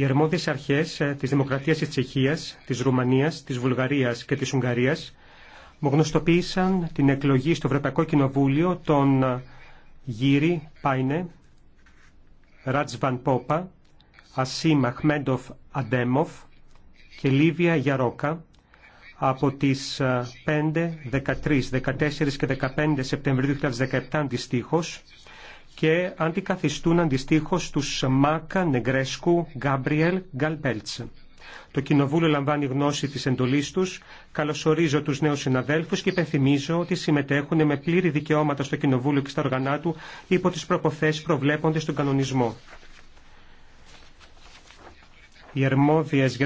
Οι αρμόδιες αρχές ε, της Δημοκρατίας της Τσεχίας, της Ρουμανίας, της Βουλγαρίας και της Ουγγαρίας μου γνωστοποίησαν την εκλογή στο Ευρωπαϊκό Κοινοβούλιο των ε, Γύρι Πάινε, Ρατσβαν Πόπα, Ασίμα Μαχμέντοφ Αντέμοφ και Λίβια Γιαρόκα από τις 5, 13, 14 και 15 Σεπτεμβρίου 2017 αντιστοίχως και αντικαθιστούν αντιστοίχω τους Μάκα, Νεγκρέσκου, Γκάμπριελ, Γκαλπέλτσε. Το Κοινοβούλιο λαμβάνει γνώση τη εντολής του. καλωσορίζω τους νέους συναδέλφους και υπενθυμίζω ότι συμμετέχουν με πλήρη δικαιώματα στο Κοινοβούλιο και στα οργανά του υπό τι προποθέσει προβλέπονται στον κανονισμό.